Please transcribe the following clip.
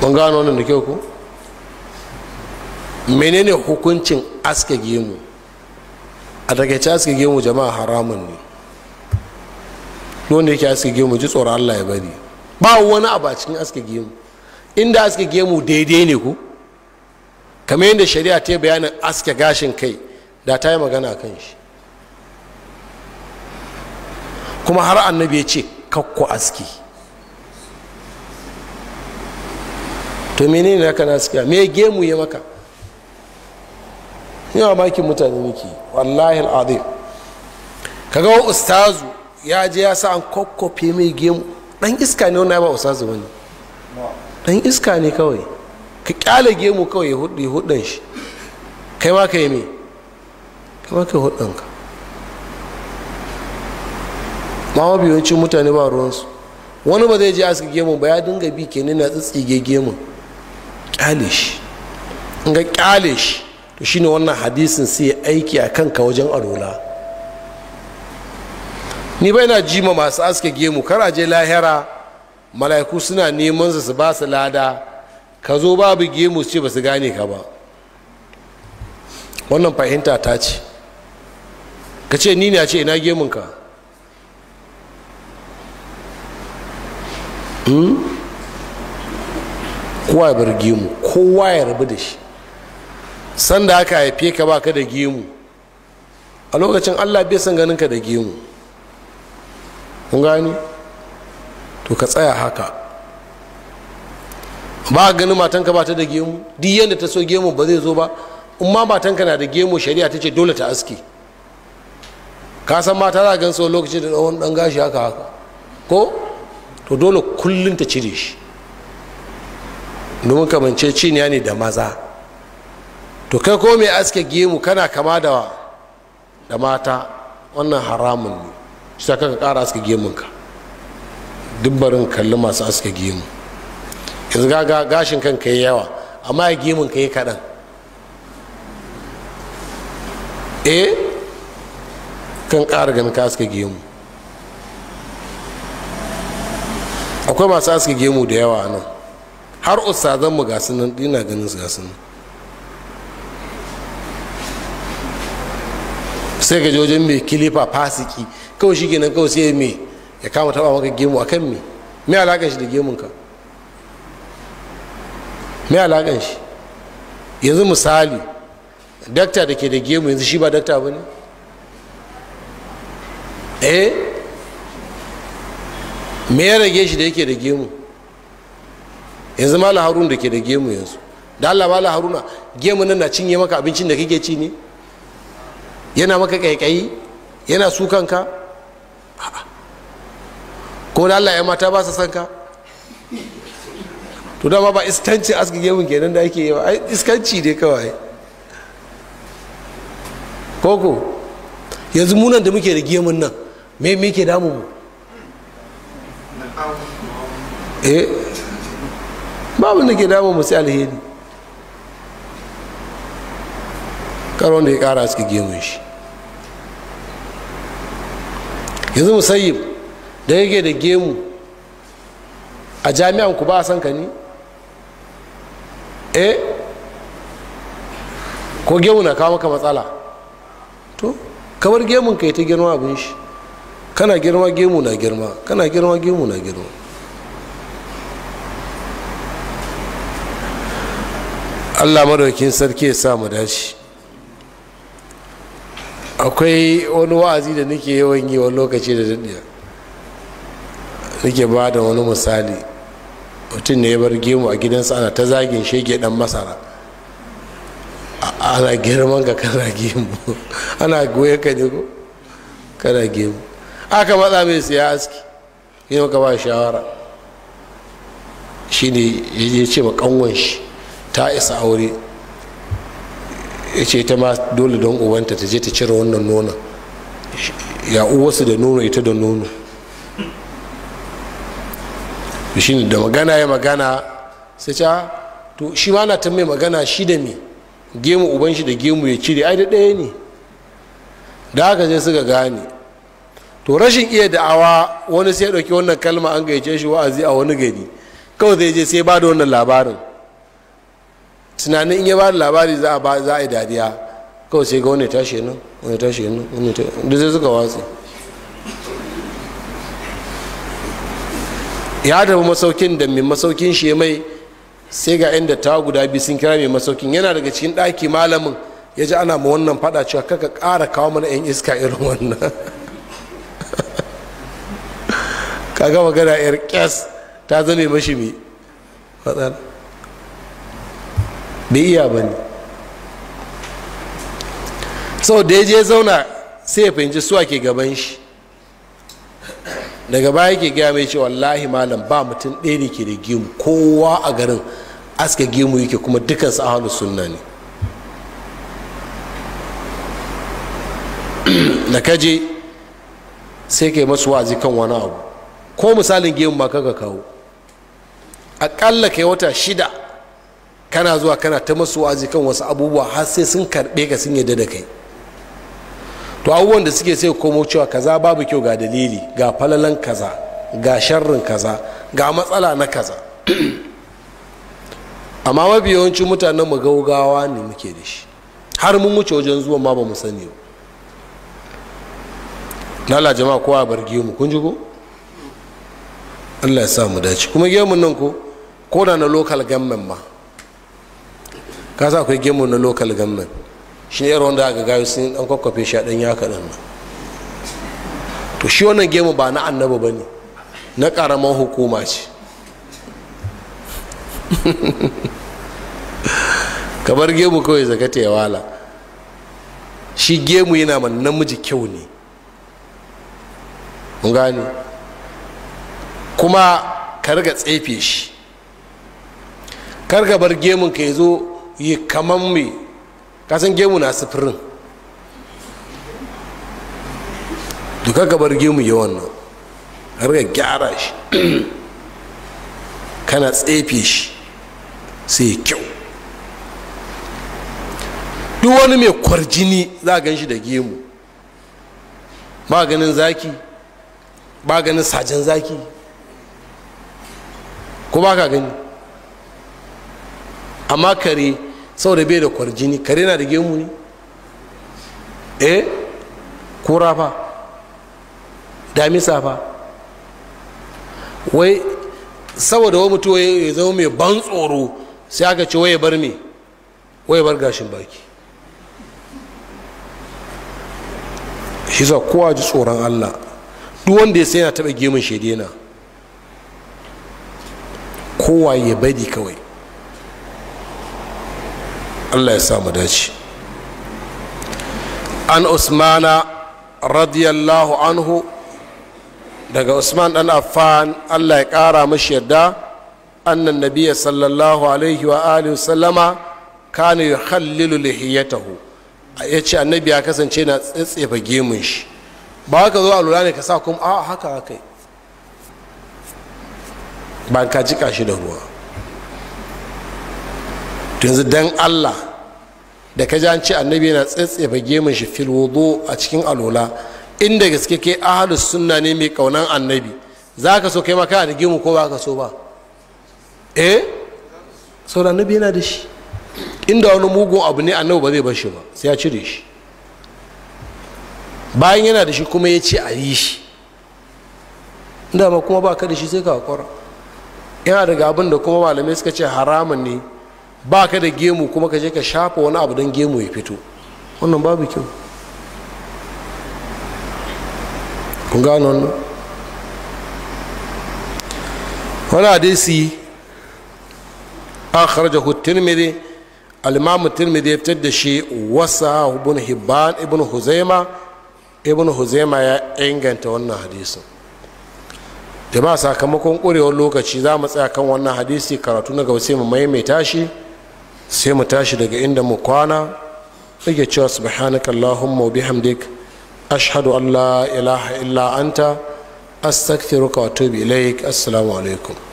mun gano wannan da kyau ku menene hukuncin aske gemu a takaice aske gemu jama'a haramun ne wanda yake aske gemu ji tsoron allah ya bari ba wani abu a cikin aske gemu inda aske gemu daidai ne ku kamar yadda shari'a ta yi bayanin aske gashin kai da ta yi magana kan shi kuma har annabi ya ce kakko aski to menene haka na suke me gemu ya maka yawa makin mutane muke wallahi al'adhim kaga wa ustazu ya je ya sa an kokkofe mai gemu dan iska ne wani ba ustazu wani dan iska ne kawai ka kyale gemu kawai ya hudun shi kai ma ka yi mai kai ma ka yi hudun ka ma mafi yawancin mutane ba ruwansu wani ba zai je suka gemu ba ya dinga bi kenan na tsitsige gemun kyale shi in ga kyale shi to shine wannan hadisin sai ya aiki a kanka wajen arola ni bai na jima masu aske gemu kar je lahira mala'iku suna neman su ba su lada ka zo babu gemu ce ba su gane ka ba wannan fahimta ta ce ka ce ni ne a ce ina gemunka hmm? kowa ya bar gemu kowa ya rabu da shi sanda aka haife ka baka da gemu a lokacin allah bai san ganin ka da gemu kun gani to ka tsaya haka ba ganin matanka ba ta da gemu duk yadda ta so gemu ba zai zo ba in ma matanka na da gemu shari'a ta ce dole ta aske ka san mata za a gan so lokacin da ɗan gashi haka haka ko to dole kullum ta cire shi domin kamance ciniya ne da maza to kai ko mai aske gemu kana kama da da mata wannan haramun ne shi ta kaka kara aske gemunka dubbarin kalli masu aske gemu yanzu ga gashin kanka yi yawa amma ya gemun ka yi kaɗan eh kan kara ganin ka aske gemu akwai masu aske gemu da yawa nan har ustazan mu gasu nan dina ganin su gasu nan sai ka je wajen mai kilifa fasiki kawai shi kenan kawai sai mai ya kama taba maka gemu a kan me me shi da gemun me alakan shi yanzu misali dakta da ke da gemu yanzu shi ba dakta ba ne eh me ya rage shi da yake da gemu yanzu malam harun da ke da gemu yanzu da allah malam haruna gemu nan na cinye maka abincin da kake ci ne yana maka kaikayi yana su kanka ko da allah ya mata ba sa san ka to dama ba iskanci aski gemun kenan da ake yi ba iskanci dai kawai koko yanzu munan da muke da gemun nan me me ke damu mu eh babu abin da ke damun mu sai alheri karo da ya kara suka gemun shi yanzu musayyib da yake da gemu a jami'an ku ba a san ka ni eh ko gemu na kawo maka matsala to kamar gemun ka yi ta girma abin shi kana girma gemu na girma kana girma gemu na girma allah madaukin sarki ya sa mu dace akwai wani wa'azi da nake yawan yi wani lokaci da daɗiya nake ba da wani misali mutum ne ya bar gemu a gidansa ana ta zagin shege dan masara ana girman ka kana gemu ana goye ka ne ko kana gemu aka matsa mai siya aski yi maka ba shawara shi ne ya ce ma shi ta isa aure ya ce ta ma dole don ubanta ta je ta cire wannan nonon ya uwarsu da nono ita da nono shi da magana ya magana sai ta ah, to shi ma na ta mai magana shi da mi gemu uban shi da gemu ya cire ai da ɗaya ne da haka sai suka gane to rashin iya da'awa wani sai ya ɗauki wannan kalma an gaice shi wa'azi a wani gari kawai zai je sai ba da wannan labarin tunanin in ya ba da labari za a za a yi dariya kawai sai ga wani tashi nan wani tashi nan wani tashi duk sai suka watsi ya tafi masaukin da mai masaukin shi mai sai ga inda ta guda biyu sun kira mai masaukin yana daga cikin ɗaki malamin ya ji ana ma wannan fada cewa kaka ƙara kawo mana 'yan iska irin wannan kaga magana 'yar kyas ta zame mashi mai matsala bai iya ba ne sau da ya je zauna sai ya fahimci su ke gaban shi daga baya ke gaya mai cewa wallahi malam ba mutum ɗaya ne ke da gemu kowa a garin aska gemu yake kuma su ahalus sunna ne da kaje sai ka yi masu wazi kan wani abu ko misalin gemu ma kaka kawo aƙalla ka yi wata shida kana zuwa kana ta masu wa'azi kan wasu abubuwa har sai sun karɓe ka sun yadda da kai to abubuwan da suke sai komo cewa kaza babu kyau ga dalili ga falalan kaza ga sharrin kaza ga matsala na kaza amma mafi yawancin mutanen mu gaugawa ne muke da shi har mun wuce wajen zuwan ma ba mu sani ba lala jama'a kowa bar mu kun ji ko allah ya sa mu dace kuma gemun nan ko ko da na local government ma ka sa akwai gemu na local government shi ne wanda aka gayu sun an kwakwafe shi a ɗan yaka ɗan nan to shi wannan gemu ba na annaba ba ne na ƙaramin hukuma ce kamar gemu kawai zaka ta wala shi gemu yana ma namiji kyau ne mun gane kuma ka riga tsefe shi kar ka bar gemun ka ya zo yi kaman mai kasan gemu na sufurin duka gabar gemu yi wannan ga gyara shi kana tsefe shi sai kyau duk wani mai kwarjini za a gan shi da gemu ba ganin zaki ba ganin sajen zaki ko ba ka gani amma kare Sau da bai da kwarjini kare na da gemu ne eh kura fa damisa fa wai saboda wani mutum ya zama mai ban tsoro sai aka ce waye bar me waye bar gashin baki shi za kowa ji tsoron allah duk wanda ya sai yana taɓa gemun shedena kowa ya bari kawai allah ya samu dace an usmana radiyallahu anhu daga usman dan affan allah ya kara mashi yadda annan nabiya sallallahu alaihi wa alihi sallama kana yukhallilu lihiyatahu ya ce annabi ya kasance na tsatsefa gemun shi ba haka zo a lura ne ka sa kuma a haka haka ban ka jika shi da ruwa Tunzu yanzu dan allah da ka an ce annabi yana tsatsefa gemun shi fil wudu a cikin alola inda gaske kai ahlus sunna ne mai kaunan annabi za ka so kai ma a da mu ko ba ka so ba eh sau da annabi yana da shi inda wani mugun abu ne annabi ba zai bar shi ba sai ya cire shi bayan yana da shi kuma ya ce a yi shi dama kuma ba ka da shi sai ka hakura yana daga abin da kuma malamai suka ce haramun ne ba ka da gemu kuma ka je ka shafa wani abu don gemu ya fito wannan babu kyau kun gano wannan wani hadisi an kharajahu hutun mere alimamu tirmidhi ya fitar da shi wasa ibn hibban ibn huzaima ibn huzaima ya inganta wannan hadisin jama'a sakamakon kurewar lokaci za mu tsaya kan wannan hadisi karatu na gaba sai mu maimaita shi sai mu tashi daga inda mu kwana yake cewa subhanaka allahumma wa bihamdik ashhadu an la ilaha illa anta astaghfiruka wa atubu ilaik assalamu alaikum